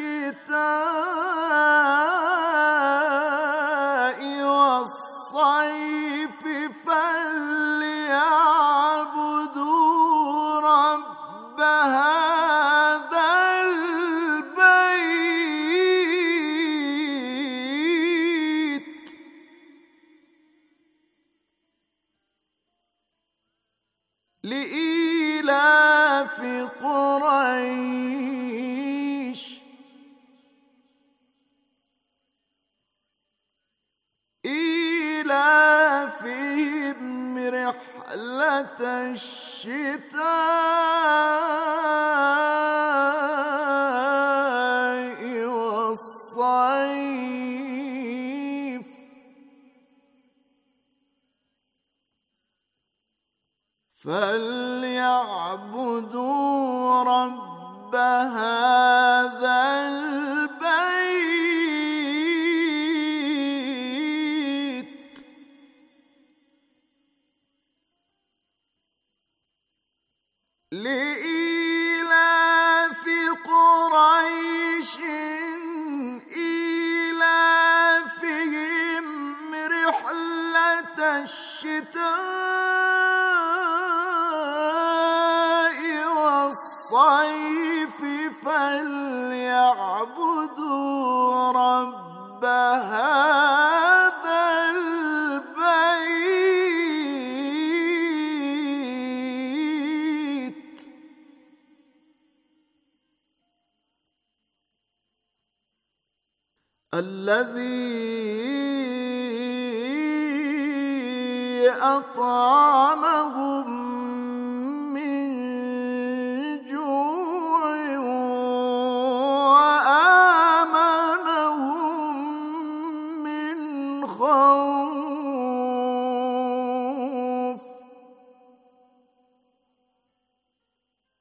الشتاء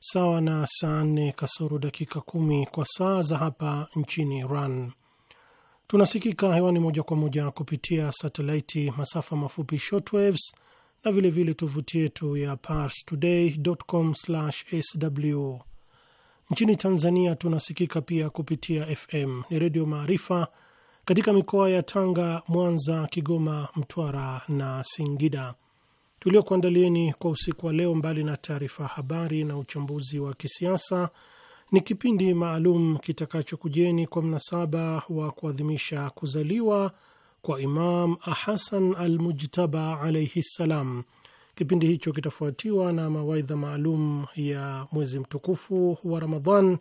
sawa na saa nne kasoro dakika kumi kwa saa za hapa nchini Iran. Tunasikika hewani moja kwa moja kupitia satelaiti, masafa mafupi shortwaves na vilevile tovuti yetu ya pars parstoday.com/sw. Nchini Tanzania tunasikika pia kupitia FM ni Redio Maarifa katika mikoa ya Tanga, Mwanza, Kigoma, Mtwara na Singida tuliokuandalieni kwa usiku wa leo, mbali na taarifa ya habari na uchambuzi wa kisiasa, ni kipindi maalum kitakachokujeni kwa mnasaba wa kuadhimisha kuzaliwa kwa Imam Hasan Almujtaba alaihi ssalam. Kipindi hicho kitafuatiwa na mawaidha maalum ya mwezi mtukufu wa Ramadhan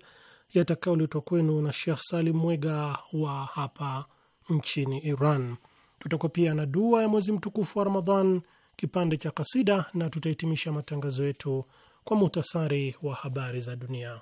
yatakayoletwa kwenu na Shekh Salim Mwega wa hapa nchini Iran. Tutakuwa pia na dua ya mwezi mtukufu wa Ramadhan kipande cha kasida na tutahitimisha matangazo yetu kwa muhtasari wa habari za dunia.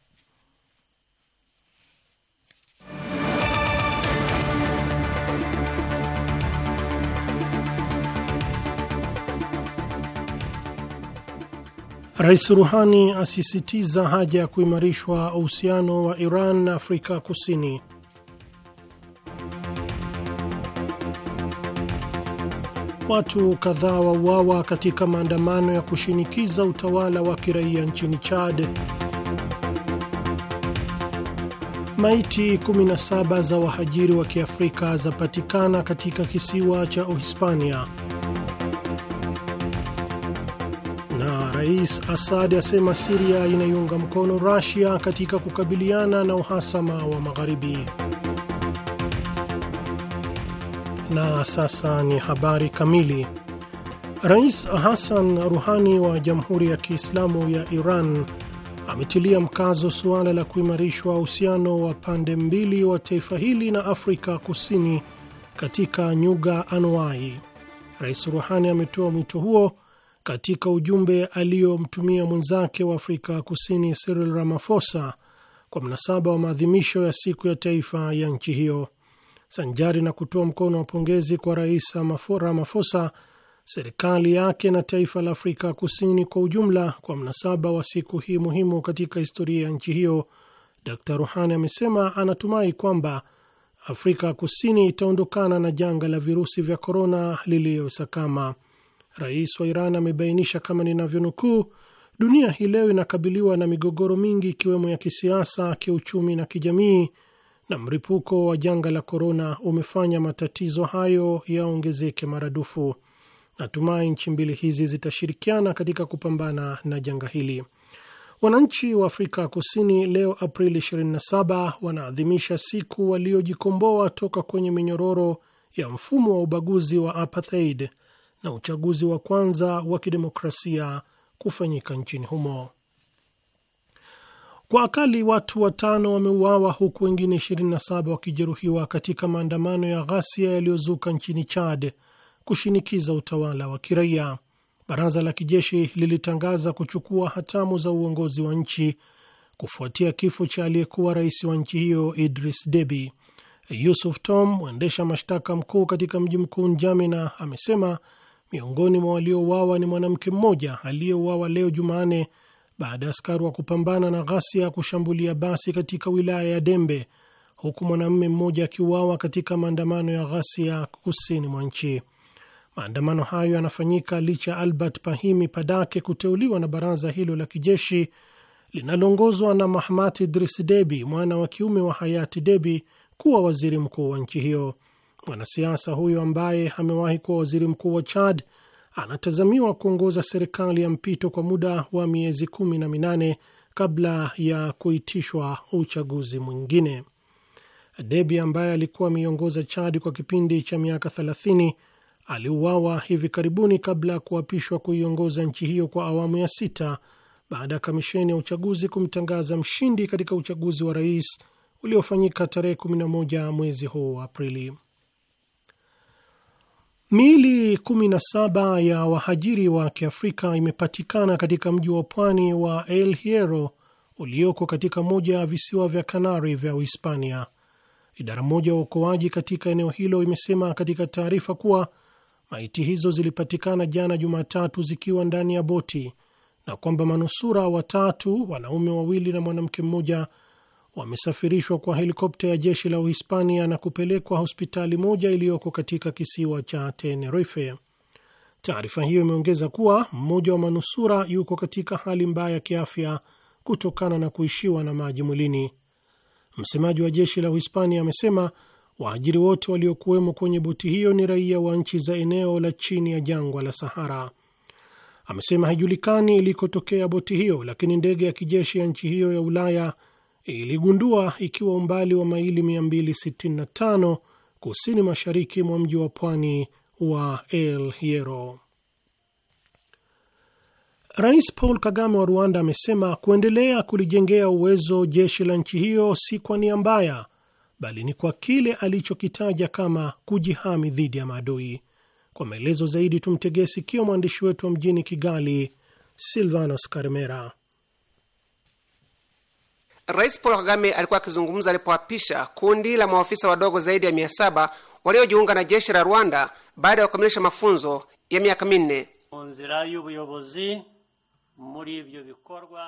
Rais Ruhani asisitiza haja ya kuimarishwa uhusiano wa Iran na Afrika Kusini. Watu kadhaa wauawa katika maandamano ya kushinikiza utawala wa kiraia nchini Chad. Maiti 17 za wahajiri wa Kiafrika zapatikana katika kisiwa cha Uhispania. Rais Assad asema Siria inaiunga mkono Rusia katika kukabiliana na uhasama wa Magharibi. Na sasa ni habari kamili. Rais Hassan Ruhani wa Jamhuri ya Kiislamu ya Iran ametilia mkazo suala la kuimarishwa uhusiano wa pande mbili wa taifa hili na Afrika Kusini katika nyuga anuai. Rais Ruhani ametoa mwito huo katika ujumbe aliyomtumia mwenzake wa Afrika Kusini Cyril Ramaphosa kwa mnasaba wa maadhimisho ya siku ya taifa ya nchi hiyo. Sanjari na kutoa mkono wa pongezi kwa Rais Ramaphosa, serikali yake na taifa la Afrika Kusini kwa ujumla kwa mnasaba wa siku hii muhimu katika historia ya nchi hiyo, Dr Ruhani amesema anatumai kwamba Afrika Kusini itaondokana na janga la virusi vya korona liliyosakama. Rais wa Iran amebainisha kama ninavyonukuu, dunia hii leo inakabiliwa na migogoro mingi ikiwemo ya kisiasa, kiuchumi na kijamii, na mripuko wa janga la korona umefanya matatizo hayo yaongezeke maradufu. Natumai nchi mbili hizi zitashirikiana katika kupambana na janga hili. Wananchi wa Afrika Kusini leo Aprili 27 wanaadhimisha siku waliojikomboa toka kwenye minyororo ya mfumo wa ubaguzi wa apartheid na uchaguzi wa kwanza wa kidemokrasia kufanyika nchini humo. Kwa akali watu watano wameuawa huku wengine 27 wakijeruhiwa katika maandamano ya ghasia yaliyozuka nchini Chad kushinikiza utawala wa kiraia. Baraza la kijeshi lilitangaza kuchukua hatamu za uongozi wa nchi kufuatia kifo cha aliyekuwa rais wa nchi hiyo Idris Deby. Yusuf Tom, mwendesha mashtaka mkuu katika mji mkuu njamina amesema Miongoni mwa waliouawa ni mwanamke mmoja aliyeuawa leo Jumanne baada ya askari wa kupambana na ghasia ya kushambulia basi katika wilaya ya Dembe, huku mwanamume mmoja akiuawa katika maandamano ya ghasia kusini mwa nchi. Maandamano hayo yanafanyika licha ya Albert Pahimi Padake kuteuliwa na baraza hilo la kijeshi linaloongozwa na Mahamat Idris Debi, mwana wa kiume wa hayati Debi, kuwa waziri mkuu wa nchi hiyo. Mwanasiasa huyo ambaye amewahi kuwa waziri mkuu wa Chad anatazamiwa kuongoza serikali ya mpito kwa muda wa miezi kumi na minane kabla ya kuitishwa uchaguzi mwingine. Debi ambaye alikuwa ameiongoza Chad kwa kipindi cha miaka 30 aliuawa hivi karibuni kabla ya kuapishwa kuiongoza nchi hiyo kwa awamu ya sita baada ya kamisheni ya uchaguzi kumtangaza mshindi katika uchaguzi wa rais uliofanyika tarehe 11 mwezi huu wa Aprili. Miili 17 ya wahajiri wa Kiafrika imepatikana katika mji wa pwani wa El Hierro ulioko katika moja ya visiwa vya Kanari vya Uhispania. Idara moja ya uokoaji katika eneo hilo imesema katika taarifa kuwa maiti hizo zilipatikana jana Jumatatu zikiwa ndani ya boti na kwamba manusura watatu, wanaume wawili na mwanamke mmoja, wamesafirishwa kwa helikopta ya jeshi la Uhispania na kupelekwa hospitali moja iliyoko katika kisiwa cha Tenerife. Taarifa hiyo imeongeza kuwa mmoja wa manusura yuko katika hali mbaya ya kiafya kutokana na kuishiwa na maji mwilini. Msemaji wa jeshi la Uhispania amesema waajiri wote waliokuwemo kwenye boti hiyo ni raia wa nchi za eneo la chini ya jangwa la Sahara. Amesema haijulikani ilikotokea boti hiyo, lakini ndege ya kijeshi ya nchi hiyo ya Ulaya iligundua ikiwa umbali wa maili 265 kusini mashariki mwa mji wa pwani wa El Hierro. Rais Paul Kagame wa Rwanda amesema kuendelea kulijengea uwezo jeshi la nchi hiyo si kwa nia mbaya, bali ni kwa kile alichokitaja kama kujihami dhidi ya maadui. Kwa maelezo zaidi, tumtegee sikio mwandishi wetu wa mjini Kigali, Silvanos Karmera. Rais Paul Kagame alikuwa akizungumza alipoapisha kundi la maafisa wadogo zaidi ya mia saba waliojiunga na jeshi la Rwanda baada ya kukamilisha mafunzo ya miaka minne.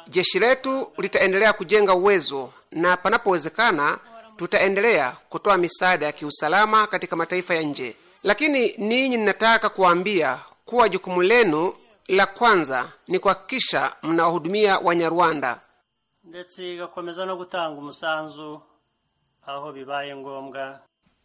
Jeshi letu litaendelea kujenga uwezo na panapowezekana tutaendelea kutoa misaada ya kiusalama katika mataifa ya nje, lakini ninyi ninataka kuwaambia kuwa jukumu lenu la kwanza ni kuhakikisha mnawahudumia Wanyarwanda ndetse igakomeza no gutanga umusanzu aho bibaye ngombwa.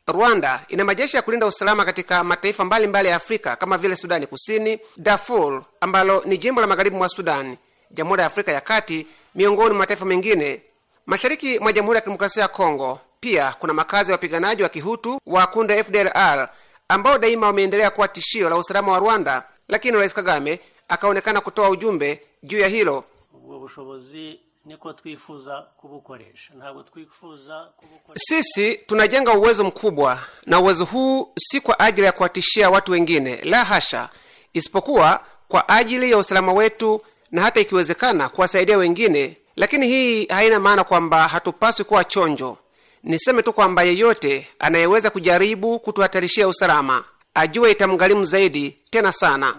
Rwanda ina majeshi ya kulinda usalama katika mataifa mbalimbali mbali ya Afrika kama vile Sudani Kusini, Darfur ambalo ni jimbo la magharibi mwa Sudani, Jamhuri ya Afrika ya Kati, miongoni mwa mataifa mengine. Mashariki mwa Jamhuri ya Kidemokrasia ya Kongo pia kuna makazi ya wapiganaji wa Kihutu wa kunda FDLR ambao daima wameendelea kuwa tishio la usalama wa Rwanda, lakini Rais Kagame akaonekana kutoa ujumbe juu ya hilo niko twifuza kubukoresha ntabwo twifuza kubukoresha. Sisi tunajenga uwezo mkubwa, na uwezo huu si kwa ajili ya kuwatishia watu wengine, la hasha, isipokuwa kwa ajili ya usalama wetu na hata ikiwezekana kuwasaidia wengine. Lakini hii haina maana kwamba hatupaswi kuwa chonjo. Niseme tu kwamba yeyote anayeweza kujaribu kutuhatarishia usalama ajue itamgharimu zaidi tena sana.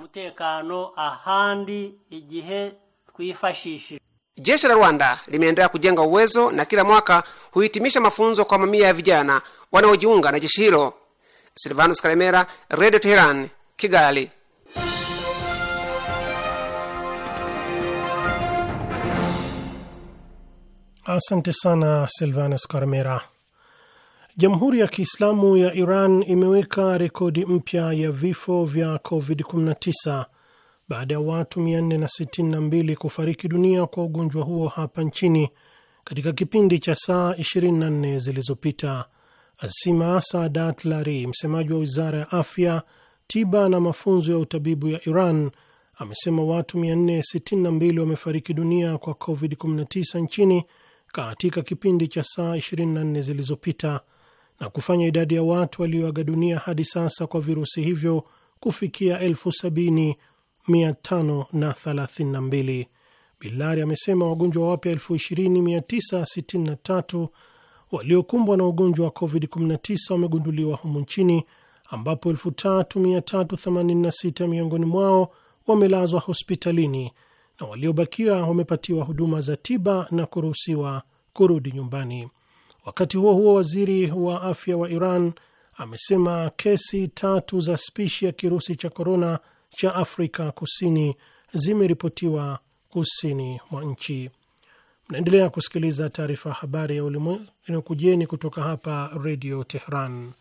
ahandi igihe twifashishije Jeshi la Rwanda limeendelea kujenga uwezo na kila mwaka huhitimisha mafunzo kwa mamia ya vijana wanaojiunga na jeshi hilo. Silvanus Karemera, Radio Teheran, Kigali. Asante sana Silvanus Karmera. Jamhuri ya Kiislamu ya Iran imeweka rekodi mpya ya vifo vya COVID-19 baada ya watu 462 kufariki dunia kwa ugonjwa huo hapa nchini katika kipindi cha saa 24 zilizopita. Asima Sadat Lari, msemaji wa wizara ya afya, tiba na mafunzo ya utabibu ya Iran, amesema watu 462 wamefariki dunia kwa COVID-19 nchini katika kipindi cha saa 24 zilizopita na kufanya idadi ya watu walioaga dunia hadi sasa kwa virusi hivyo kufikia elfu sabini 532. Bilari amesema wagonjwa wapya 20963 waliokumbwa na ugonjwa wa COVID-19 wamegunduliwa humu nchini ambapo 3386 miongoni mwao wamelazwa hospitalini na waliobakia wamepatiwa huduma za tiba na kuruhusiwa kurudi nyumbani. Wakati huo huo, waziri wa afya wa Iran amesema kesi tatu za spishi ya kirusi cha korona cha Afrika Kusini zimeripotiwa kusini mwa nchi. Mnaendelea kusikiliza taarifa habari ya ulimwengu inayokujeni kutoka hapa Redio Tehran.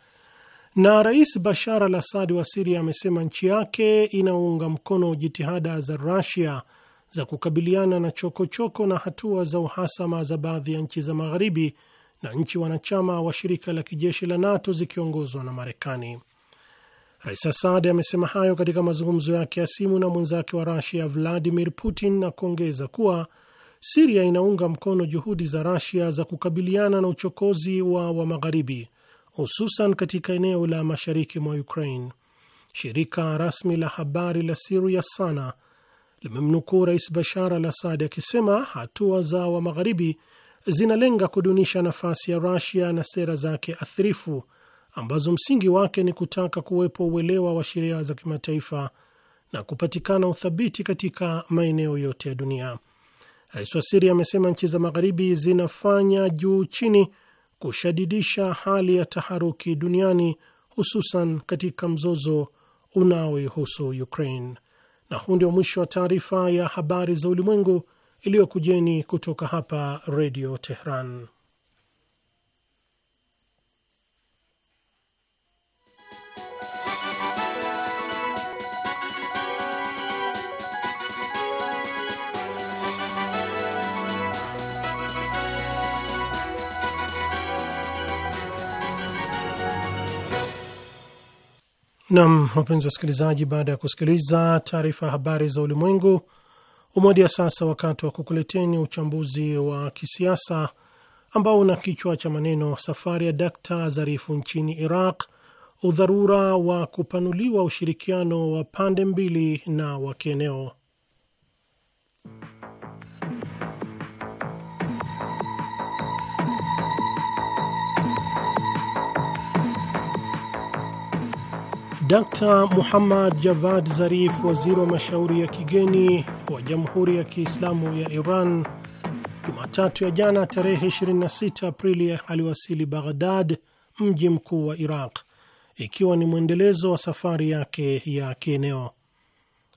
Na Rais Bashar al assadi wa Siria amesema nchi yake inaunga mkono jitihada za Rusia za kukabiliana na chokochoko choko na hatua za uhasama za baadhi ya nchi za Magharibi na nchi wanachama wa shirika la kijeshi la NATO zikiongozwa na Marekani. Rais Assad amesema hayo katika mazungumzo yake ya simu na mwenzake wa Rasia Vladimir Putin na kuongeza kuwa Siria inaunga mkono juhudi za Rasia za kukabiliana na uchokozi wa wa Magharibi, hususan katika eneo la mashariki mwa Ukraine. Shirika rasmi la habari la Siria SANA limemnukuu Rais Bashar al Assad akisema hatua za wa Magharibi zinalenga kudunisha nafasi ya Rasia na sera zake athirifu ambazo msingi wake ni kutaka kuwepo uelewa wa sheria za kimataifa na kupatikana uthabiti katika maeneo yote ya dunia. Rais wa Siria amesema nchi za Magharibi zinafanya juu chini kushadidisha hali ya taharuki duniani, hususan katika mzozo unaoihusu Ukraine. Na huu ndio mwisho wa taarifa ya habari za ulimwengu iliyokujeni kutoka hapa Redio Tehran. Nam, wapenzi wasikilizaji, baada ya kusikiliza taarifa ya habari za ulimwengu, umoja sasa wakati wa kukuleteni uchambuzi wa kisiasa ambao una kichwa cha maneno safari ya Dakta Zarifu nchini Iraq, udharura wa kupanuliwa ushirikiano wa pande mbili na wa kieneo. Dkt Muhammad Javad Zarif, waziri wa mashauri ya kigeni wa Jamhuri ya Kiislamu ya Iran, Jumatatu ya jana tarehe 26 Aprili aliwasili Baghdad, mji mkuu wa Iraq, ikiwa ni mwendelezo wa safari yake ya kieneo.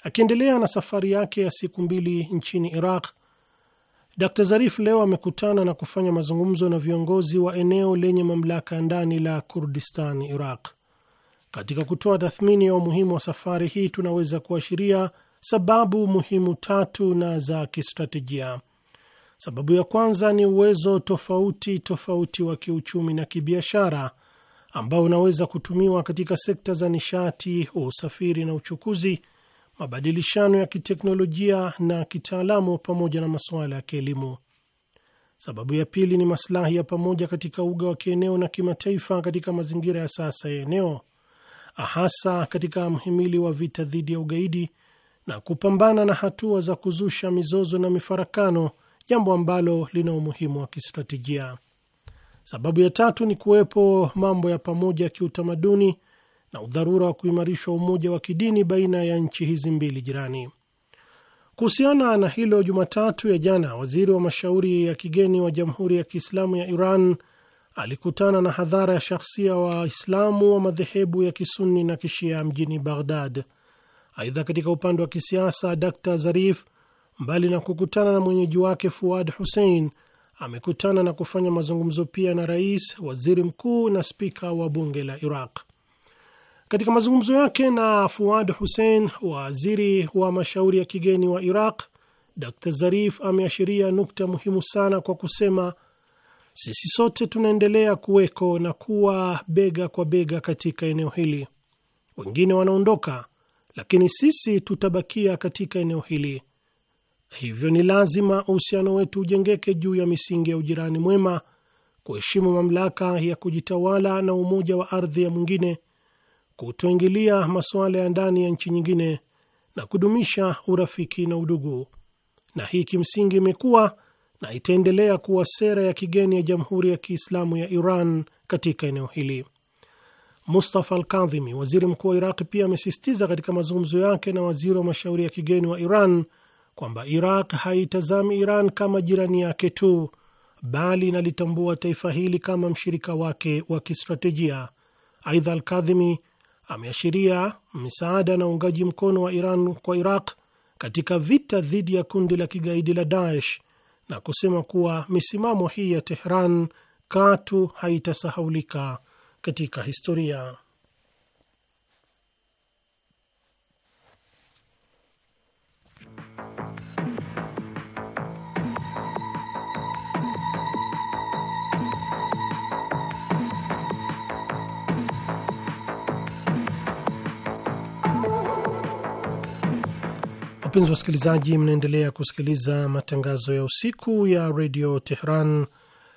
Akiendelea na safari yake ya siku mbili nchini Iraq, d Zarif leo amekutana na kufanya mazungumzo na viongozi wa eneo lenye mamlaka ya ndani la Kurdistan, Iraq. Katika kutoa tathmini ya umuhimu wa safari hii, tunaweza kuashiria sababu muhimu tatu na za kistratejia. Sababu ya kwanza ni uwezo tofauti tofauti wa kiuchumi na kibiashara ambao unaweza kutumiwa katika sekta za nishati, usafiri na uchukuzi, mabadilishano ya kiteknolojia na kitaalamu, pamoja na masuala ya kielimu. Sababu ya pili ni masilahi ya pamoja katika uga wa kieneo na kimataifa katika mazingira ya sasa ya eneo hasa katika mhimili wa vita dhidi ya ugaidi na kupambana na hatua za kuzusha mizozo na mifarakano, jambo ambalo lina umuhimu wa kistratejia. Sababu ya tatu ni kuwepo mambo ya pamoja ya kiutamaduni na udharura wa kuimarishwa umoja wa kidini baina ya nchi hizi mbili jirani. Kuhusiana na hilo, Jumatatu ya jana, waziri wa mashauri ya kigeni wa Jamhuri ya Kiislamu ya Iran alikutana na hadhara ya shahsia Waislamu wa madhehebu ya Kisuni na Kishia mjini Baghdad. Aidha, katika upande wa kisiasa, Dr Zarif, mbali na kukutana na mwenyeji wake Fuad Hussein, amekutana na kufanya mazungumzo pia na rais, waziri mkuu na spika wa bunge la Iraq. Katika mazungumzo yake na Fuad Hussein, waziri wa mashauri ya kigeni wa Iraq, Dr Zarif ameashiria nukta muhimu sana kwa kusema sisi sote tunaendelea kuweko na kuwa bega kwa bega katika eneo hili. Wengine wanaondoka, lakini sisi tutabakia katika eneo hili. Hivyo ni lazima uhusiano wetu ujengeke juu ya misingi ya ujirani mwema, kuheshimu mamlaka ya kujitawala na umoja wa ardhi ya mwingine, kutoingilia masuala ya ndani ya nchi nyingine na kudumisha urafiki na udugu. Na hii kimsingi imekuwa na itaendelea kuwa sera ya kigeni ya Jamhuri ya Kiislamu ya Iran katika eneo hili. Mustafa Alkadhimi, waziri mkuu wa Iraq, pia amesisitiza katika mazungumzo yake na waziri wa mashauri ya kigeni wa Iran kwamba Iraq haitazami Iran kama jirani yake tu, bali inalitambua taifa hili kama mshirika wake wa kistratejia. Aidha, Alkadhimi ameashiria misaada na uungaji mkono wa Iran kwa Iraq katika vita dhidi ya kundi la kigaidi la Daesh na kusema kuwa misimamo hii ya Tehran katu haitasahaulika katika historia. Wapenzi wasikilizaji, mnaendelea kusikiliza matangazo ya usiku ya redio Tehran,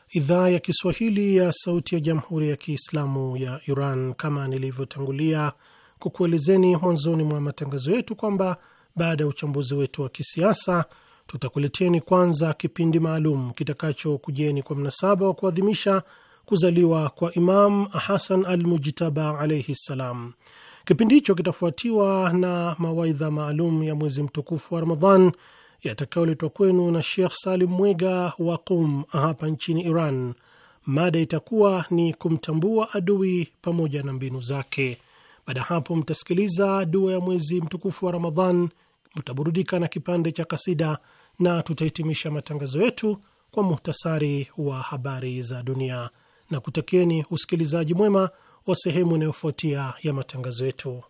idhaa ya Kiswahili ya sauti ya jamhuri ya Kiislamu ya Iran. Kama nilivyotangulia kukuelezeni mwanzoni mwa matangazo yetu kwamba baada ya uchambuzi wetu wa kisiasa tutakuleteni kwanza kipindi maalum kitakachokujeni kwa mnasaba wa kuadhimisha kuzaliwa kwa Imam Hasan al Mujtaba alaihi ssalam. Kipindi hicho kitafuatiwa na mawaidha maalum ya mwezi mtukufu wa Ramadhan yatakayoletwa kwenu na shekh Salim Mwega wa Qum hapa nchini Iran. Mada itakuwa ni kumtambua adui pamoja na mbinu zake. Baada ya hapo, mtasikiliza dua ya mwezi mtukufu wa Ramadhan, mtaburudika na kipande cha kasida na tutahitimisha matangazo yetu kwa muhtasari wa habari za dunia na kutakieni usikilizaji mwema wa sehemu inayofuatia ya matangazo yetu.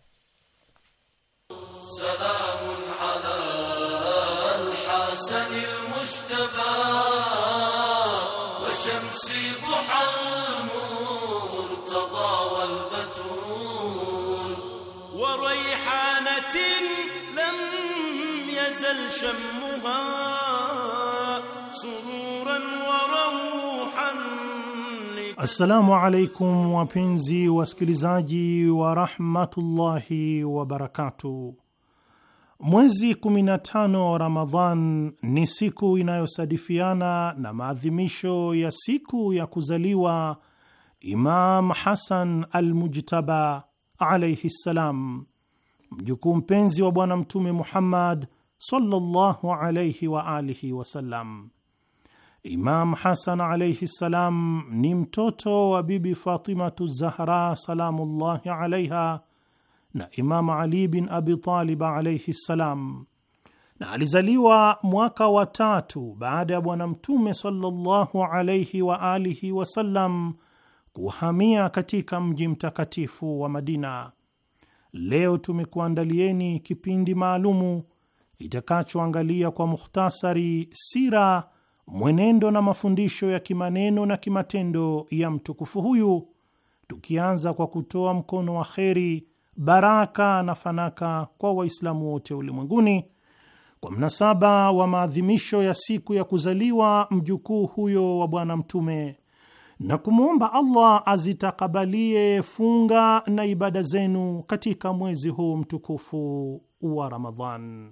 shamuha suru Assalamu alaikum wapenzi wasikilizaji wa rahmatullahi wabarakatu. Mwezi 15 Ramadhan ni siku inayosadifiana na maadhimisho ya siku ya kuzaliwa Imam Hasan Almujtaba alaihi ssalam, mjukuu mpenzi wa Bwana Mtume Muhammad sallallahu alaihi waalihi wasallam. Imam Hasan alaihi ssalam ni mtoto wa Bibi Fatimatu Zahra salamullahi alaiha na Imam Ali bin Abi Talib alaihi ssalam, na alizaliwa mwaka wa tatu baada ya Bwana Mtume sallallahu alaihi wa alihi wasallam kuhamia katika mji mtakatifu wa Madina. Leo tumekuandalieni kipindi maalumu itakachoangalia kwa mukhtasari sira mwenendo na mafundisho ya kimaneno na kimatendo ya mtukufu huyu, tukianza kwa kutoa mkono wa kheri, baraka na fanaka kwa Waislamu wote ulimwenguni kwa mnasaba wa maadhimisho ya siku ya kuzaliwa mjukuu huyo wa Bwana Mtume na kumwomba Allah azitakabalie funga na ibada zenu katika mwezi huu mtukufu wa Ramadhan.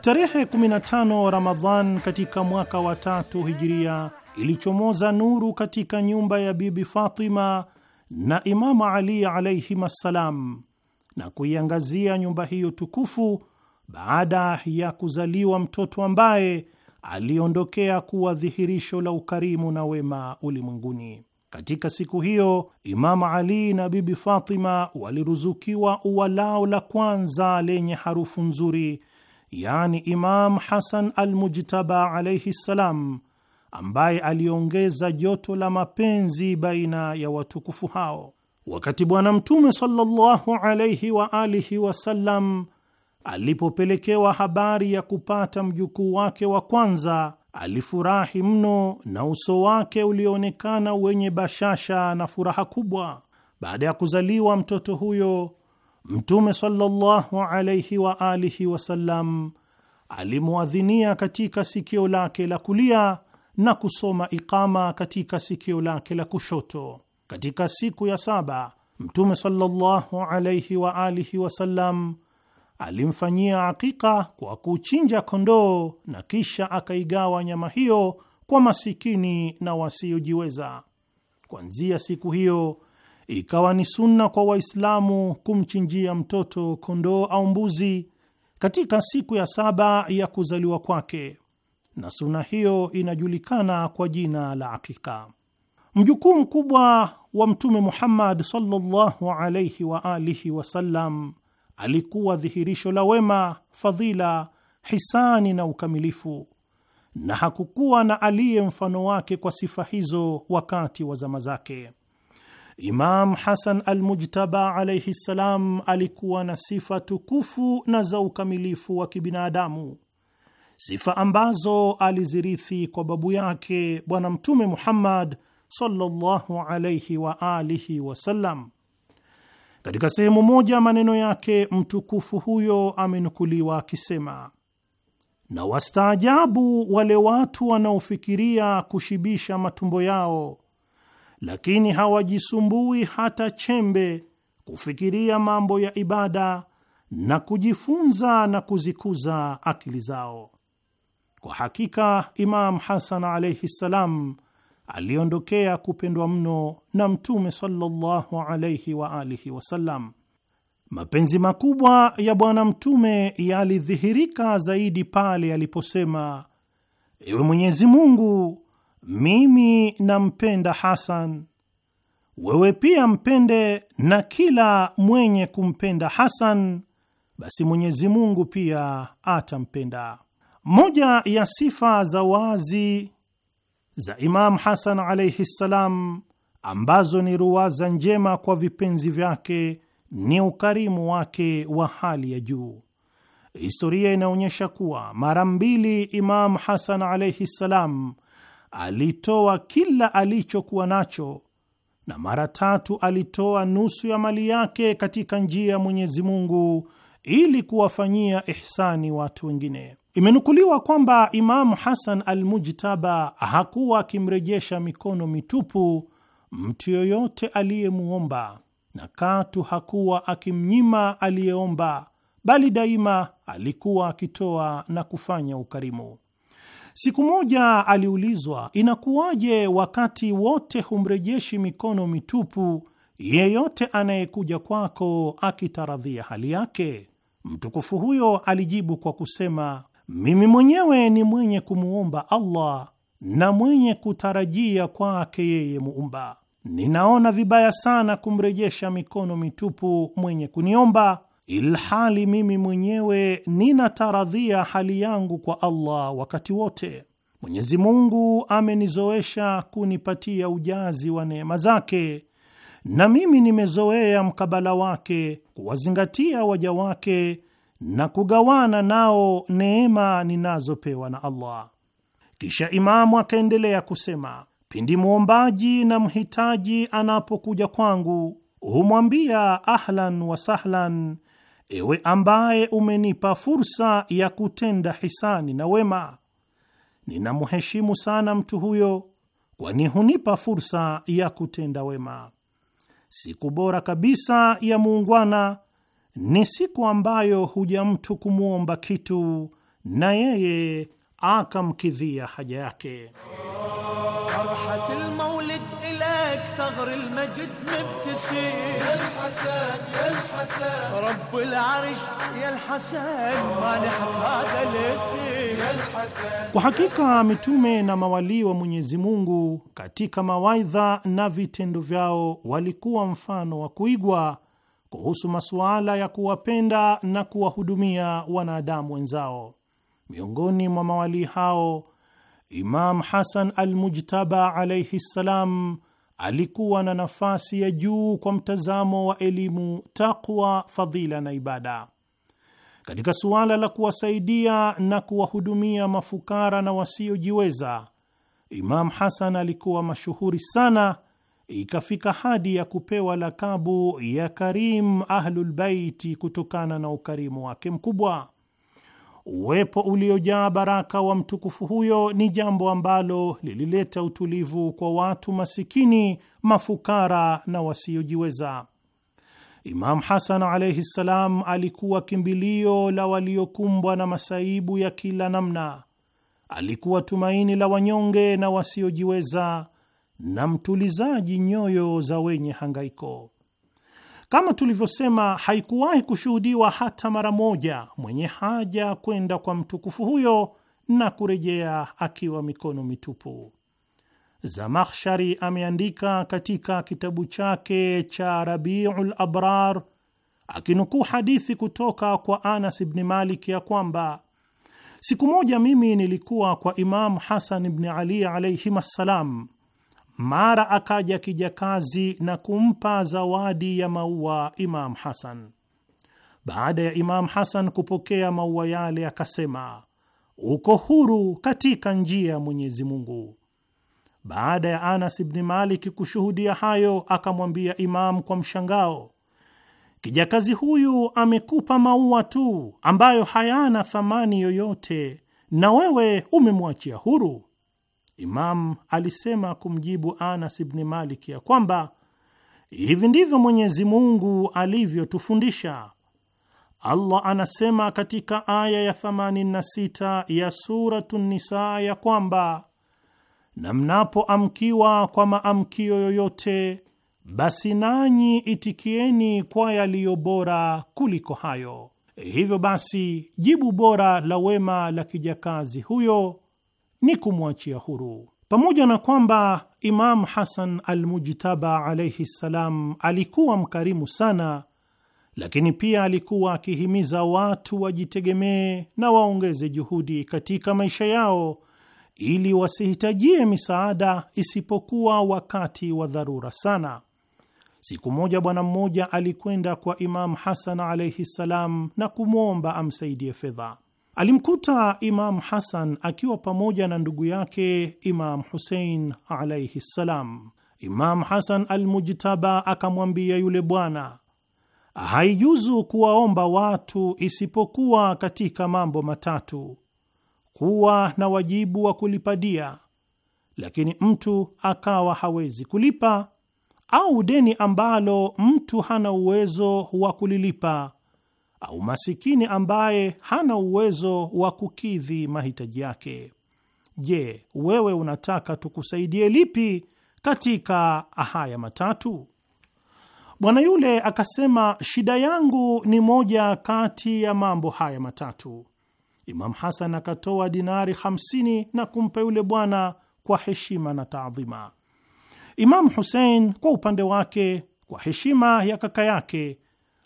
Tarehe 15 Ramadhan katika mwaka wa tatu hijiria ilichomoza nuru katika nyumba ya Bibi Fatima na imamu Ali alayhim assalam, na kuiangazia nyumba hiyo tukufu baada ya kuzaliwa mtoto ambaye aliondokea kuwa dhihirisho la ukarimu na wema ulimwenguni. Katika siku hiyo Imamu Ali na Bibi Fatima waliruzukiwa ua lao la kwanza lenye harufu nzuri, yaani Imam Hasan Almujtaba alaihi ssalam, ambaye aliongeza joto la mapenzi baina ya watukufu hao. Wakati Bwana Mtume sallallahu alaihi waalihi wasallam Alipopelekewa habari ya kupata mjukuu wake wa kwanza, alifurahi mno na uso wake ulioonekana wenye bashasha na furaha kubwa. Baada ya kuzaliwa mtoto huyo, Mtume sallallahu wa alihi wasallam alimwadhinia katika sikio lake la kulia na kusoma ikama katika sikio lake la kushoto. Katika siku ya saba, Mtume sallallahu wa alihi wasallam alimfanyia akika kwa kuchinja kondoo na kisha akaigawa nyama hiyo kwa masikini na wasiojiweza. Kuanzia siku hiyo ikawa ni sunna kwa Waislamu kumchinjia mtoto kondoo au mbuzi katika siku ya saba ya kuzaliwa kwake, na suna hiyo inajulikana kwa jina la akika. Mjukuu mkubwa wa Mtume Muhammad sallallahu alaihi wa alihi wasallam alikuwa dhihirisho la wema, fadhila, hisani na ukamilifu, na hakukuwa na aliye mfano wake kwa sifa hizo wakati wa zama zake. Imam Hasan Almujtaba alaihi ssalam alikuwa na sifa tukufu na za ukamilifu wa kibinadamu, sifa ambazo alizirithi kwa babu yake Bwana Mtume Muhammad sallallahu alaihi waalihi wasallam. Katika sehemu moja maneno yake mtukufu huyo amenukuliwa akisema, na wastaajabu wale watu wanaofikiria kushibisha matumbo yao, lakini hawajisumbui hata chembe kufikiria mambo ya ibada na kujifunza na kuzikuza akili zao. Kwa hakika Imam Hasan alaihi ssalam aliondokea kupendwa mno na Mtume sallallahu alaihi wa alihi wasallam. Mapenzi makubwa ya Bwana Mtume yalidhihirika zaidi pale aliposema, ewe Mwenyezi Mungu, mimi nampenda Hasan, wewe pia mpende, na kila mwenye kumpenda Hasan basi Mwenyezi Mungu pia atampenda. Moja ya sifa za wazi za Imam Hasan alaihi ssalam, ambazo ni ruwaza njema kwa vipenzi vyake, ni ukarimu wake wa hali ya juu. Historia inaonyesha kuwa mara mbili Imam Hasan alaihi ssalam alitoa kila alichokuwa nacho na mara tatu alitoa nusu ya mali yake katika njia ya Mwenyezi Mungu ili kuwafanyia ihsani watu wengine. Imenukuliwa kwamba Imamu Hasan Almujtaba hakuwa akimrejesha mikono mitupu mtu yoyote aliyemwomba, na katu hakuwa akimnyima aliyeomba, bali daima alikuwa akitoa na kufanya ukarimu. Siku moja aliulizwa, inakuwaje wakati wote humrejeshi mikono mitupu yeyote anayekuja kwako akitaradhia hali yake? Mtukufu huyo alijibu kwa kusema mimi mwenyewe ni mwenye kumwomba Allah na mwenye kutarajia kwake yeye Muumba. Ninaona vibaya sana kumrejesha mikono mitupu mwenye kuniomba, ilhali mimi mwenyewe ninataradhia hali yangu kwa Allah wakati wote. Mwenyezi Mungu amenizoesha kunipatia ujazi wa neema zake, na mimi nimezoea mkabala wake, kuwazingatia waja wake na kugawana nao neema ninazopewa na Allah. Kisha Imamu akaendelea kusema, pindi mwombaji na mhitaji anapokuja kwangu, humwambia ahlan wa sahlan, ewe ambaye umenipa fursa ya kutenda hisani na wema, ninamheshimu sana mtu huyo, kwani hunipa fursa ya kutenda wema. Siku bora kabisa ya muungwana ni siku ambayo huja mtu kumwomba kitu na yeye akamkidhia haja yake. Kwa hakika mitume na mawalii wa Mwenyezi Mungu katika mawaidha na vitendo vyao walikuwa mfano wa kuigwa kuhusu masuala ya kuwapenda na kuwahudumia wanadamu wenzao. Miongoni mwa mawalii hao Imam Hasan Almujtaba alaihi ssalam alikuwa na nafasi ya juu kwa mtazamo wa elimu, takwa, fadhila na ibada. Katika suala la kuwasaidia na kuwahudumia mafukara na wasiojiweza, Imam Hasan alikuwa mashuhuri sana ikafika hadi ya kupewa lakabu ya Karim Ahlulbaiti kutokana na ukarimu wake mkubwa. Uwepo uliojaa baraka wa mtukufu huyo ni jambo ambalo lilileta utulivu kwa watu masikini, mafukara na wasiojiweza. Imam Hasan alaihi ssalam alikuwa kimbilio la waliokumbwa na masaibu ya kila namna, alikuwa tumaini la wanyonge na wasiojiweza na mtulizaji nyoyo za wenye hangaiko. Kama tulivyosema, haikuwahi kushuhudiwa hata mara moja mwenye haja kwenda kwa mtukufu huyo na kurejea akiwa mikono mitupu. Zamakhshari ameandika katika kitabu chake cha Rabiul Abrar akinukuu hadithi kutoka kwa Anas ibni Malik ya kwamba siku moja mimi nilikuwa kwa Imamu Hasan ibni Ali alaihim assalam mara akaja kijakazi na kumpa zawadi ya maua Imam Hasan. Baada ya Imam Hasan kupokea maua yale, akasema uko huru katika njia ya Mwenyezi Mungu. Baada ya Anas ibni Malik kushuhudia hayo, akamwambia Imam kwa mshangao, kijakazi huyu amekupa maua tu ambayo hayana thamani yoyote, na wewe umemwachia huru. Imam alisema kumjibu Anas ibni Malik ya kwamba hivi ndivyo Mwenyezi Mungu alivyotufundisha. Allah anasema katika aya ya 86 ya Suratu Nisa ya kwamba na mnapoamkiwa kwa maamkio yoyote, basi nanyi itikieni kwa yaliyo bora kuliko hayo. Hivyo basi, jibu bora la wema la kijakazi huyo ni kumwachia huru, pamoja na kwamba Imam Hasan Almujtaba alaihi ssalam alikuwa mkarimu sana, lakini pia alikuwa akihimiza watu wajitegemee na waongeze juhudi katika maisha yao ili wasihitajie misaada isipokuwa wakati wa dharura sana. Siku moja bwana mmoja alikwenda kwa Imam Hasan alaihi ssalam na kumwomba amsaidie fedha. Alimkuta Imamu Hasan akiwa pamoja na ndugu yake Imamu Husein alaihi ssalam. Imamu Hasan Almujtaba akamwambia yule bwana, haijuzu kuwaomba watu isipokuwa katika mambo matatu: kuwa na wajibu wa kulipadia, lakini mtu akawa hawezi kulipa, au deni ambalo mtu hana uwezo wa kulilipa au masikini ambaye hana uwezo wa kukidhi mahitaji yake. Je, wewe unataka tukusaidie lipi katika haya matatu? Bwana yule akasema, shida yangu ni moja kati ya mambo haya matatu. Imam Hasan akatoa dinari 50 na kumpa yule bwana kwa heshima na taadhima. Imam Husein kwa upande wake, kwa heshima ya kaka yake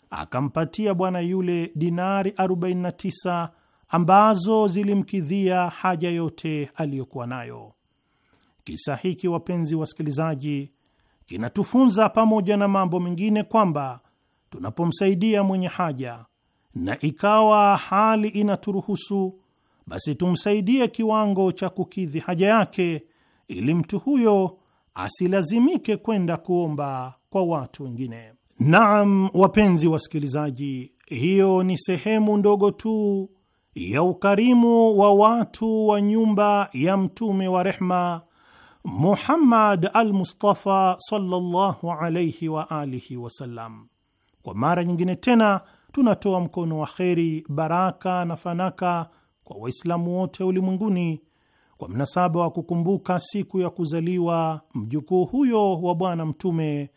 akampatia bwana yule dinari 49 ambazo zilimkidhia haja yote aliyokuwa nayo. Kisa hiki, wapenzi wasikilizaji, kinatufunza pamoja na mambo mengine kwamba tunapomsaidia mwenye haja na ikawa hali inaturuhusu, basi tumsaidie kiwango cha kukidhi haja yake, ili mtu huyo asilazimike kwenda kuomba kwa watu wengine. Naam, wapenzi wasikilizaji, hiyo ni sehemu ndogo tu ya ukarimu wa watu wa nyumba ya mtume wa rehma Muhammad al-Mustafa sallallahu alayhi wa alihi wasallam. Kwa mara nyingine tena tunatoa mkono wa kheri, baraka na fanaka kwa Waislamu wote ulimwenguni kwa mnasaba wa kukumbuka siku ya kuzaliwa mjukuu huyo wa Bwana Mtume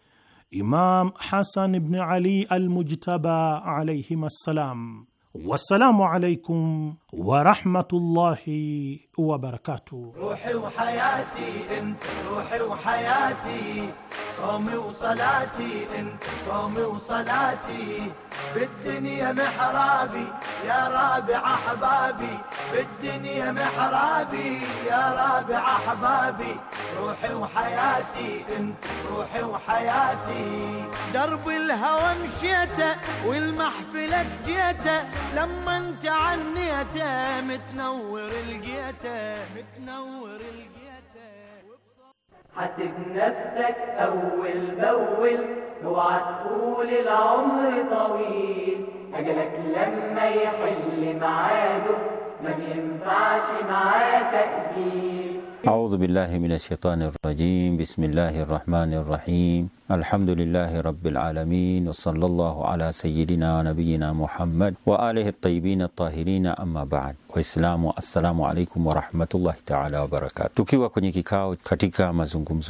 Imam Hasan ibn Ali al-Mujtaba alayhim assalam. Wassalamu alaikum ورحمة الله وبركاته روحي وحياتي انت روحي وحياتي صومي وصلاتي انت صومي وصلاتي بالدنيا محرابي يا رابع احبابي بالدنيا محرابي يا رابع احبابي روحي وحياتي انت روحي وحياتي درب الهوى مشيته والمحفلة جيته لما انت عنيته متنور الجيتة متنور الجيتة حاسب نفسك أول بأول اوعى تقول العمر طويل أجلك لما يحل معاده ما بينفعش معاه تأجيل أعوذ بالله من الشيطان الرجيم بسم الله الرحمن الرحيم الحمد لله رب العالمين وصلى الله على سيدنا ونبينا محمد وآله الطيبين الطاهرين أما بعد وإسلام assalamu عليكم ورحمة الله تعالى وبركاته kwenye kikao كيكاو كتيكا مزنكم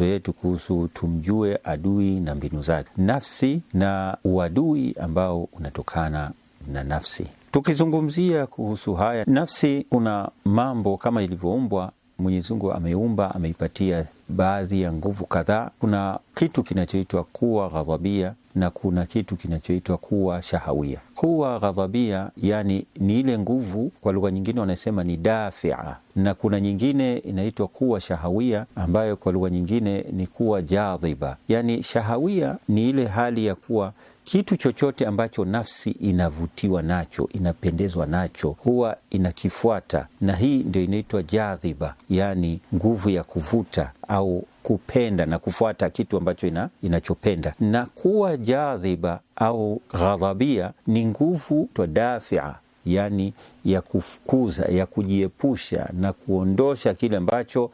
kuhusu tumjue تمجوي أدوي mbinu zake, nafsi na uadui ambao unatokana na nafsi Tukizungumzia kuhusu haya nafsi, kuna mambo kama ilivyoumbwa Mwenyezimungu ameumba, ameipatia baadhi ya nguvu kadhaa. Kuna kitu kinachoitwa kuwa ghadhabia na kuna kitu kinachoitwa kuwa shahawia. Kuwa ghadhabia, yani ni ile nguvu, kwa lugha nyingine wanasema ni dafia, na kuna nyingine inaitwa kuwa shahawia, ambayo kwa lugha nyingine ni kuwa jadhiba. Yani shahawia ni ile hali ya kuwa kitu chochote ambacho nafsi inavutiwa nacho, inapendezwa nacho, huwa inakifuata, na hii ndio inaitwa jadhiba, yaani nguvu ya kuvuta au kupenda na kufuata kitu ambacho ina, inachopenda. Na kuwa jadhiba au ghadhabia ni nguvu twa dafia yaani ya kufukuza ya kujiepusha na kuondosha kile ambacho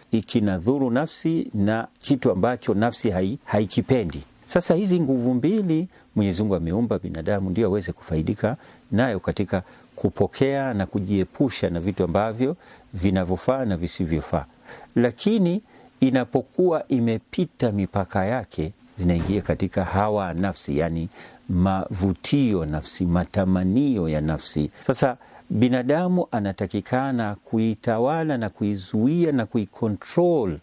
dhuru nafsi na kitu ambacho nafsi hai, haikipendi. Sasa hizi nguvu mbili Mwenyezi Mungu ameumba binadamu ndio aweze kufaidika nayo katika kupokea na kujiepusha na vitu ambavyo vinavyofaa na visivyofaa, lakini inapokuwa imepita mipaka yake zinaingia katika hawa nafsi, yani mavutio nafsi, matamanio ya nafsi. Sasa binadamu anatakikana kuitawala na kuizuia na kuikontrol.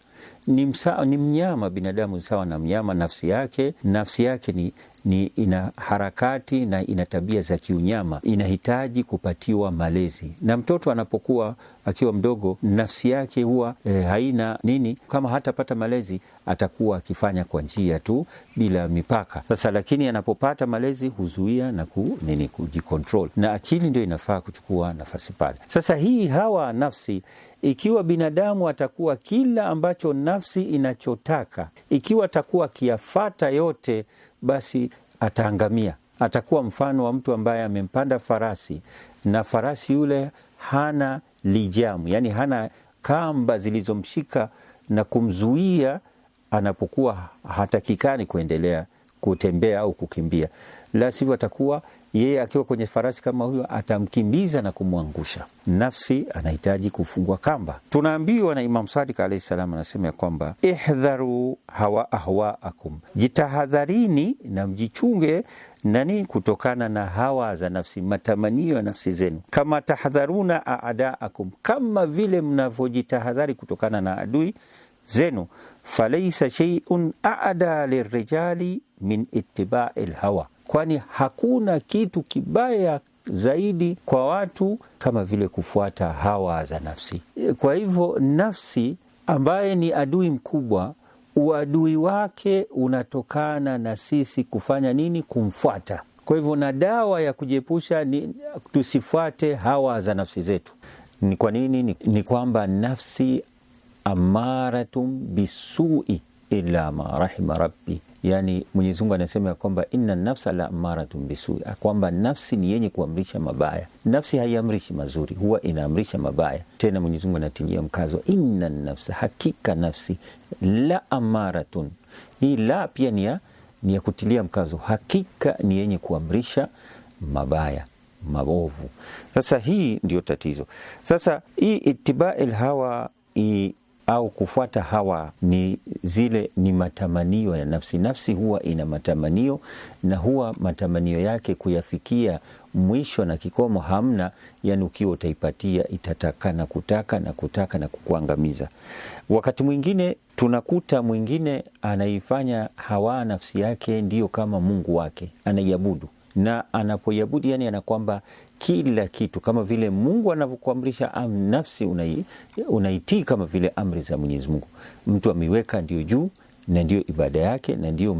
Ni, ni mnyama binadamu, sawa na mnyama nafsi yake. Nafsi yake ni ni ina harakati na ina tabia za kiunyama, inahitaji kupatiwa malezi. Na mtoto anapokuwa akiwa mdogo, nafsi yake huwa e, haina nini, kama hatapata malezi atakuwa akifanya kwa njia tu bila mipaka. Sasa lakini anapopata malezi huzuia na ku, nini, kujikontrol, na akili ndio inafaa kuchukua nafasi pale. Sasa hii hawa nafsi ikiwa binadamu atakuwa kila ambacho nafsi inachotaka, ikiwa atakuwa akiyafata yote basi ataangamia. Atakuwa mfano wa mtu ambaye amempanda farasi na farasi yule hana lijamu, yaani hana kamba zilizomshika na kumzuia anapokuwa hatakikani kuendelea kutembea au kukimbia, la sivyo atakuwa yeye akiwa kwenye farasi kama huyo atamkimbiza na kumwangusha. Nafsi anahitaji kufungwa kamba. Tunaambiwa na Imam Sadik alaihi salam, anasema ya kwamba ihdharu hawa ahwaakum, jitahadharini na mjichunge nani kutokana na hawa za nafsi, matamanio ya nafsi zenu. Kama tahdharuna aadaakum, kama vile mnavyojitahadhari kutokana na adui zenu. Falaisa sheiun ada lirijali min itibai lhawa kwani hakuna kitu kibaya zaidi kwa watu kama vile kufuata hawa za nafsi. Kwa hivyo nafsi ambaye ni adui mkubwa, uadui wake unatokana na sisi kufanya nini? Kumfuata. Kwa hivyo na dawa ya kujiepusha ni tusifuate hawa za nafsi zetu. Ni kwa nini? Ni, ni kwamba nafsi amaratum bisui ila ma rahima rabbi yani Mwenyezi Mungu anasema ya kwamba inna nafsa la amaratun bisu kwamba nafsi ni yenye kuamrisha mabaya. Nafsi haiamrishi mazuri, huwa inaamrisha mabaya. Tena Mwenyezi Mungu anatilia mkazo inna nafsa, hakika nafsi la amaratun. Hii la pia ni ya ni ya kutilia mkazo, hakika ni yenye kuamrisha mabaya mabovu. Sasa hii ndio tatizo. Sasa hii itibai lhawa au kufuata hawa ni zile ni matamanio ya nafsi. Nafsi huwa ina matamanio na huwa matamanio yake kuyafikia mwisho na kikomo hamna, yani ukiwa utaipatia itataka na kutaka na kutaka na kukuangamiza. Wakati mwingine tunakuta mwingine anaifanya hawa nafsi yake ndiyo kama Mungu wake, anaiabudu na anapoiabudu yani, anakwamba kila kitu kama vile Mungu anavyokuamrisha am nafsi unaitii unai kama vile amri za Mwenyezi Mungu. Mtu ameiweka ndio juu na ndio ibada yake na ndio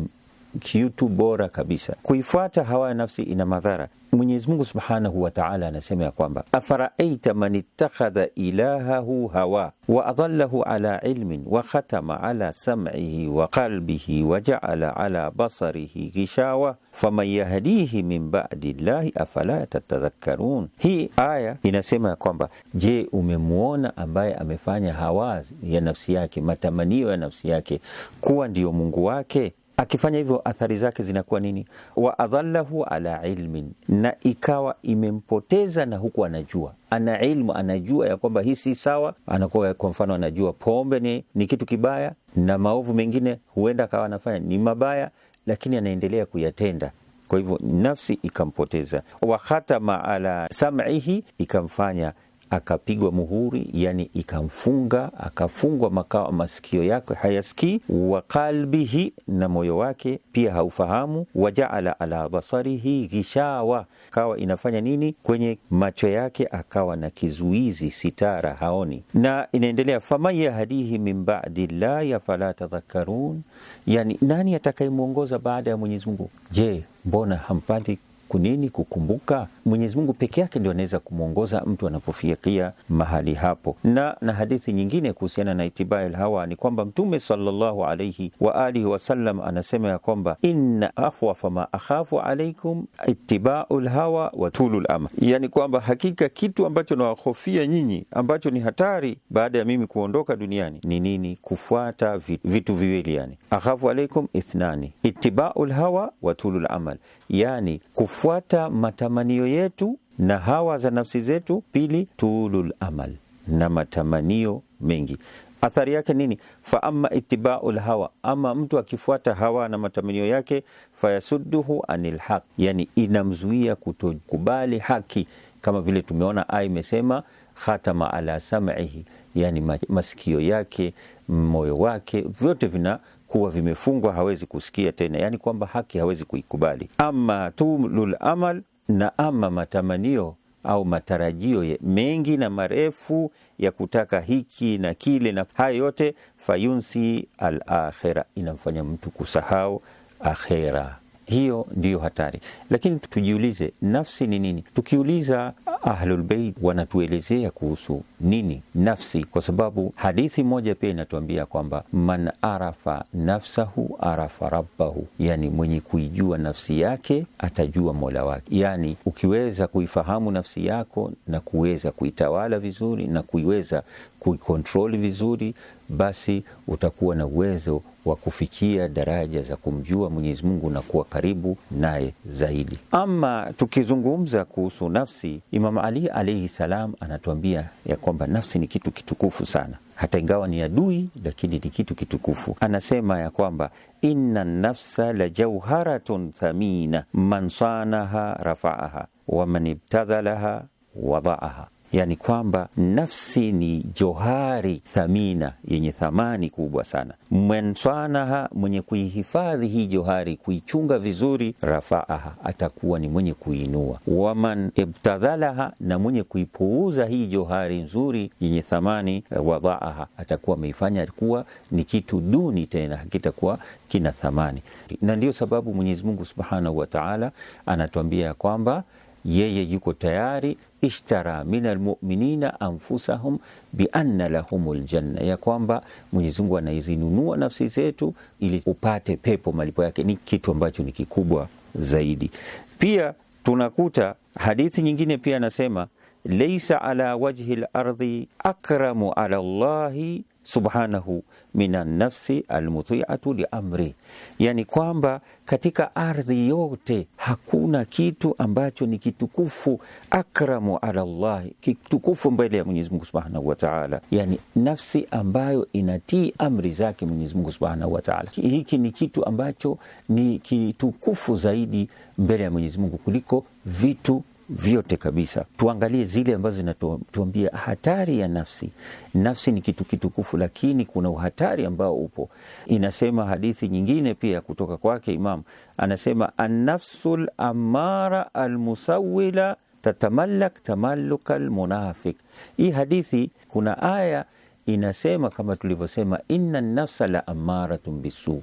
kitu bora kabisa. Kuifuata hawa ya nafsi ina madhara. Mwenyezi Mungu Subhanahu wa Ta'ala anasema ya kwamba afaraaita man ittakhadha ilahahu hawa wa adallahu ala ilmin wa khatama ala sam'ihi wa qalbihi wa ja'ala ala basarihi gishawa faman yahdihi min ba'di llahi afala tatadhakkarun. Hii aya inasema ya kwamba je, umemwona ambaye amefanya hawa ya nafsi yake, matamanio ya nafsi yake kuwa ndiyo Mungu wake Akifanya hivyo athari zake zinakuwa nini? wa adhallahu ala ilmin, na ikawa imempoteza na huku anajua ana ilmu, anajua ya kwamba hii si sawa. Anakuwa kwa mfano, anajua pombe ni, ni kitu kibaya na maovu mengine huenda akawa anafanya ni mabaya, lakini anaendelea kuyatenda. Kwa hivyo nafsi ikampoteza, wa khatama ala sam'ihi, ikamfanya akapigwa muhuri, yani ikamfunga, akafungwa makao masikio yake hayasikii, wa qalbihi, na moyo wake pia haufahamu, wajaala ala basarihi ghishawa, kawa inafanya nini kwenye macho yake, akawa na kizuizi sitara, haoni. Na inaendelea faman yahdihi min badi llahi afala tadhakkarun, yani nani atakayemwongoza baada ya Mwenyezi Mungu? Je, mbona hampati kunini kukumbuka? Mwenyezi Mungu peke yake ndio anaweza kumwongoza mtu anapofikia mahali hapo. Na na hadithi nyingine kuhusiana na itibai hawa ni kwamba Mtume sallallahu alayhi wa alihi wasallam anasema ya kwamba inna akhwafa ma akhafu alaykum itibau lhawa wa tulu lama, yani kwamba hakika kitu ambacho nawahofia nyinyi ambacho ni hatari baada ya mimi kuondoka duniani ni nini? Kufuata vitu, vitu viwili, yani akhafu alaykum ithnani itibau lhawa wa tulu lamal, yani kufuata matamanio yetu na hawa za nafsi zetu. Pili, tulul amal na matamanio mengi. Athari yake nini? fa ama itibau lhawa, ama mtu akifuata hawa na matamanio yake, fayasudduhu anil haq, yani inamzuia kutokubali haki, kama vile tumeona aya imesema khatama ala sam'ihi, yani masikio yake, moyo wake, vyote vina kuwa vimefungwa, hawezi kusikia tena, yani kwamba haki hawezi kuikubali. Ama tulul amal na ama matamanio au matarajio mengi na marefu ya kutaka hiki na kile, na haya yote fayunsi al akhira, inamfanya mtu kusahau akhera. Hiyo ndiyo hatari, lakini tujiulize nafsi ni nini? Tukiuliza Ahlulbeit wanatuelezea kuhusu nini nafsi, kwa sababu hadithi moja pia inatuambia kwamba man arafa nafsahu arafa rabbahu, yani mwenye kuijua nafsi yake atajua mola wake. Yani ukiweza kuifahamu nafsi yako na kuweza kuitawala vizuri na kuiweza kuikontroli vizuri, basi utakuwa na uwezo wa kufikia daraja za kumjua Mwenyezi Mungu na kuwa karibu naye zaidi. Ama tukizungumza kuhusu nafsi, Imam Ali alaihi salam anatuambia ya kwamba nafsi ni kitu kitukufu sana, hata ingawa ni adui, lakini ni kitu kitukufu. Anasema ya kwamba inna nafsa la jauharatun thamina man sanaha rafaaha wa man ibtadhalaha wadaaha yani kwamba nafsi ni johari thamina, yenye thamani kubwa sana. Mwenswanaha, mwenye kuihifadhi hii johari, kuichunga vizuri, rafaaha, atakuwa ni mwenye kuinua. Waman ibtadhalaha, na mwenye kuipuuza hii johari nzuri yenye thamani, eh, wadhaaha, atakuwa ameifanya kuwa ni kitu duni, tena hakitakuwa kina thamani. Na ndiyo sababu Mwenyezi Mungu subhanahu wataala anatuambia ya kwamba yeye yuko tayari ishtara min almuminina anfusahum bianna lahum ljanna, ya kwamba Mwenyezi Mungu anaizinunua nafsi zetu ili upate pepo. Malipo yake ni kitu ambacho ni kikubwa zaidi. Pia tunakuta hadithi nyingine pia anasema, leisa ala wajhi lardhi akramu ala llahi subhanahu min nafsi almutiatu liamri, yani kwamba katika ardhi yote hakuna kitu ambacho ni kitukufu akramu ala llahi, kitukufu mbele ya Mwenyezi Mungu subhanahu wataala, yani nafsi ambayo inatii amri zake Mwenyezi Mungu subhanahu wataala. Hiki ni kitu ambacho ni kitukufu zaidi mbele ya Mwenyezi Mungu kuliko vitu vyote kabisa, tuangalie zile ambazo zinatuambia hatari ya nafsi. Nafsi ni kitu kitukufu, lakini kuna uhatari ambao upo. Inasema hadithi nyingine pia kutoka kwake Imam anasema, anafsu lamara almusawila tatamallak tamalluka lmunafik. Hii hadithi kuna aya inasema kama tulivyosema, inna nafsa la amaratun bisu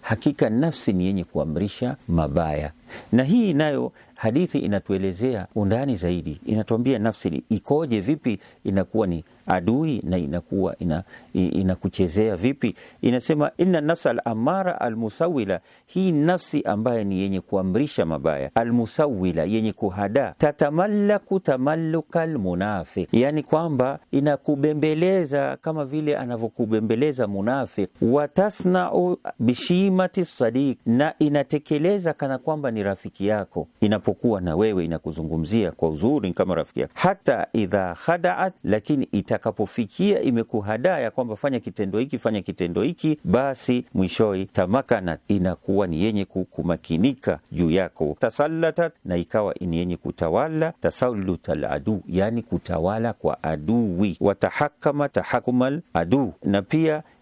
hakika nafsi ni yenye kuamrisha mabaya, na hii nayo hadithi inatuelezea undani zaidi, inatuambia nafsi ikoje, vipi inakuwa ni adui na inakuwa inakuchezea ina vipi? Inasema inna nafsa alamara almusawila, hii nafsi ambaye ni yenye kuamrisha mabaya, almusawila, yenye kuhada tatamallaku tamalluka almunafiq, yani kwamba inakubembeleza kama vile anavyokubembeleza munafiq, watasnau bishimati sadiq, na inatekeleza kana kwamba ni rafiki yako, inapokuwa na wewe inakuzungumzia kwa uzuri kama rafiki yako, hata idha khadaat, lakini ita itakapofikia imekuhadaa ya kwamba fanya kitendo hiki, fanya kitendo hiki, basi mwishoi tamakana inakuwa ni yenye kumakinika juu yako, tasallatat na ikawa ni yenye kutawala, tasallut aladuu, yani kutawala kwa adui watahakama tahakumal aduu, na pia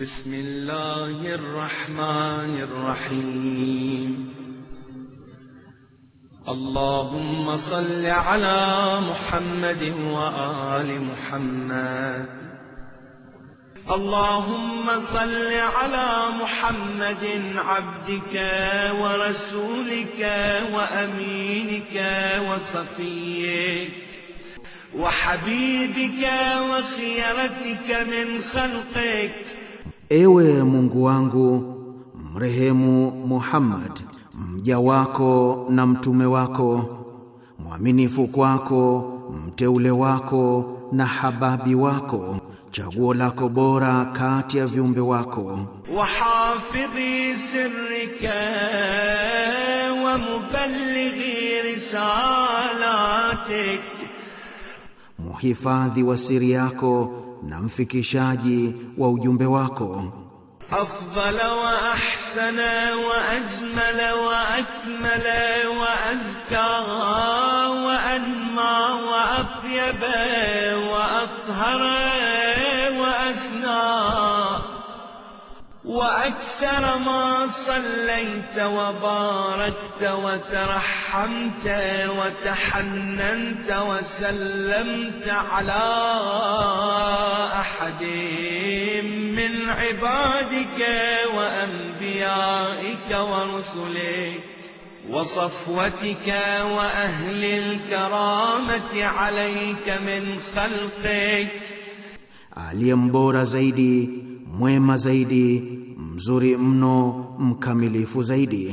بسم الله الرحمن الرحيم اللهم صل على محمد وآل محمد اللهم صل على محمد عبدك ورسولك وأمينك وصفيك وحبيبك وخيرتك من خلقك Ewe Mungu wangu, mrehemu Muhammad mja wako na mtume wako mwaminifu kwako mteule wako na hababi wako chaguo lako bora kati ya viumbe wako. wahafidhi sirrika wa mubalighi risalatik, muhifadhi wa siri yako na mfikishaji wa ujumbe wako أفضل وأحسن وأجمل وأكمل وأزكى وأنمى وأطيب وأطهر وأسنى وأكثر ما صليت وباركت وترح رحمت وتحننت وسلمت على أحد من عبادك وأنبيائك ورسلك وصفوتك وأهل الكرامة عليك من خلقك aliye mbora زيدي mwema زيدي مزوري mno مكملي فزيدي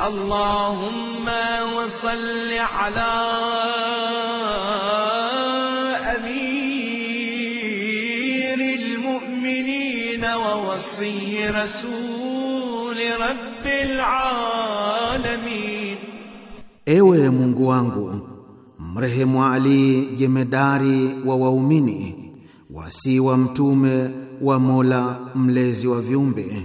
اللهم وصل على أمير المؤمنين ووصي رسول رب العالمين Ewe Mungu wangu, mrehemu Ali jemedari wa waumini, wasi wa mtume wa Mola mlezi wa viumbe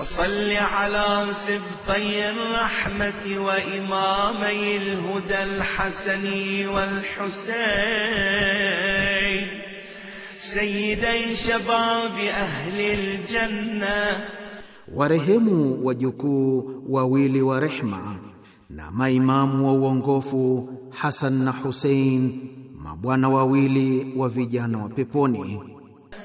وصل على سبطي الرحمة وإمامي الهدى الحسن والحسين سيدي شباب أهل الجنة warehemu wajukuu wawili wa rehma na maimamu wa uongofu Hasan na Husein, mabwana wawili wa vijana wa peponi.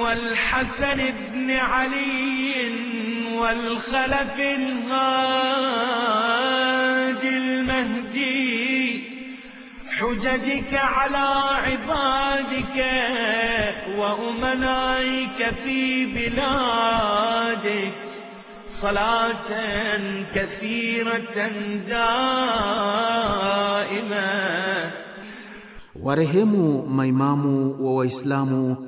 والحسن بن علي والخلف الهاج المهدي حججك على عبادك وأمنائك في بلادك صلاة كثيرة دائمة Warehemu maimamu wa Waislamu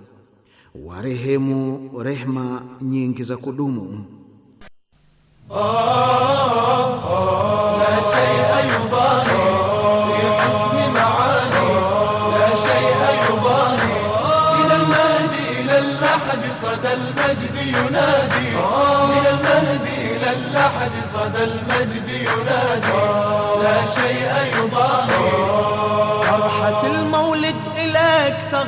warehemu rehma nyingi za kudumu. Oh, oh, oh. صدى المجد ينادي من المهد إلى اللحد صدى المجد ينادي لا شيء يضاهي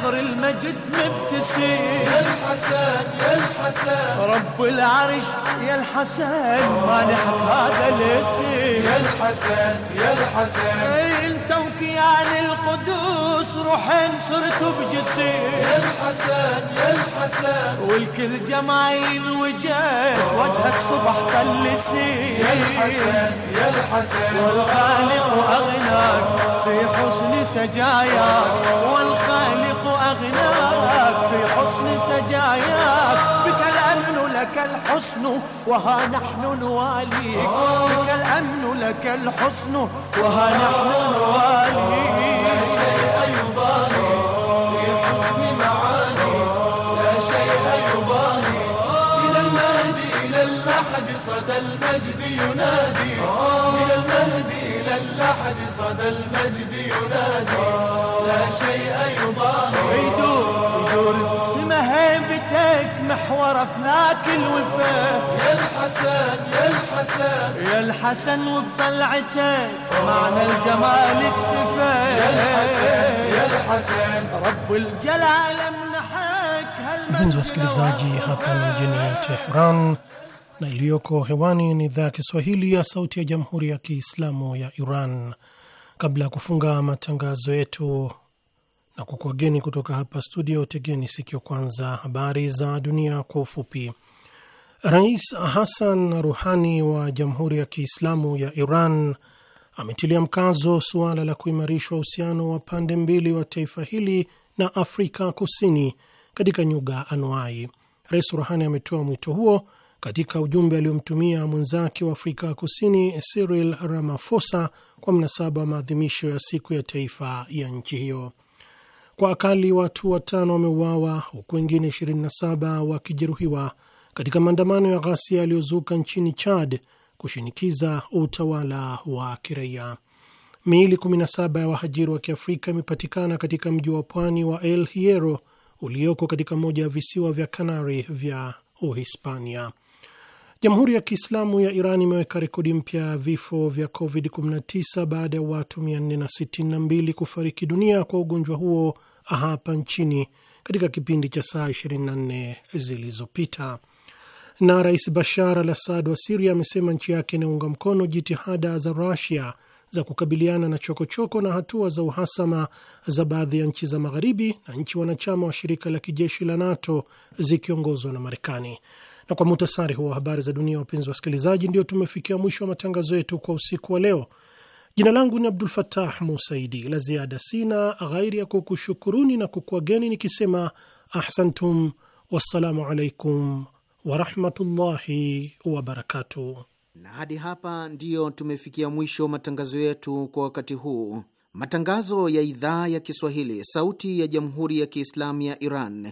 نظر المجد مبتسم يا الحسن يا الحسن رب العرش يا الحسن نحب هذا الاسم يا الحسن يا الحسن إيه، انت وكيان القدوس روح صرت بجسم يا الحسن يا الحسن والكل جمايل وجه وجهك صبح تلسي يا الحسن يا الحسن والخالق اغناك في حسن سجاياك سجاياك بك الأمن لك الحسن وها نحن نواليك بك الأمن لك الحسن وها نحن نواليك صدى المجد ينادي من المهد إلى اللحد صدى المجد ينادي لا شيء يضاهي محور افناك الوفا يا الحسن يا الحسن يا الحسن وبطلعتك معنى الجمال اكتفى يا الحسن يا الحسن رب الجلال امنحك هالمجد وسكريزاجي هاكل جنيه تهران na iliyoko hewani ni idhaa ya Kiswahili ya Sauti ya Jamhuri ya Kiislamu ya Iran. Kabla ya na kukuageni kutoka hapa studio. Tegeni sikio kwanza habari za dunia kwa ufupi. Rais Hassan Ruhani wa Jamhuri ya Kiislamu ya Iran ametilia mkazo suala la kuimarishwa uhusiano wa pande mbili wa taifa hili na Afrika Kusini katika nyuga anuai. Rais Ruhani ametoa mwito huo katika ujumbe aliyomtumia mwenzake wa Afrika Kusini Cyril Ramaphosa kwa mnasaba wa maadhimisho ya siku ya taifa ya nchi hiyo. Kwa akali watu watano wameuawa huku wengine 27 wakijeruhiwa katika maandamano ya ghasia yaliyozuka nchini Chad kushinikiza utawala wa kiraia. Miili 17 ya wahajiri wa Kiafrika imepatikana katika mji wa pwani wa El Hierro ulioko katika moja ya visiwa vya Kanari vya Uhispania. Jamhuri ya Kiislamu ya Iran imeweka rekodi mpya ya vifo vya COVID-19 baada ya watu 462 kufariki dunia kwa ugonjwa huo hapa nchini katika kipindi cha saa 24 zilizopita. Na Rais Bashar al Assad wa Siria amesema nchi yake inaunga mkono jitihada za Rusia za kukabiliana na chokochoko -choko na hatua za uhasama za baadhi ya nchi za Magharibi na nchi wanachama wa shirika la kijeshi la NATO zikiongozwa na Marekani. Na kwa muhtasari huo wa habari za dunia, wapenzi wa wasikilizaji, ndio tumefikia mwisho wa matangazo yetu kwa usiku wa leo. Jina langu ni Abdul fatah Musaidi. La ziada sina ghairi ya kukushukuruni na kukuageni nikisema ahsantum, wassalamu alaikum warahmatullahi wabarakatuh. Na hadi hapa ndiyo tumefikia mwisho matangazo yetu kwa wakati huu. Matangazo ya idhaa ya Kiswahili, sauti ya jamhuri ya Kiislamu ya Iran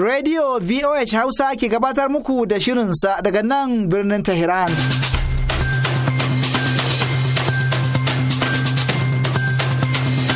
radio voh hausa ke gabatar muku da shirinsa daga nan birnin tehran.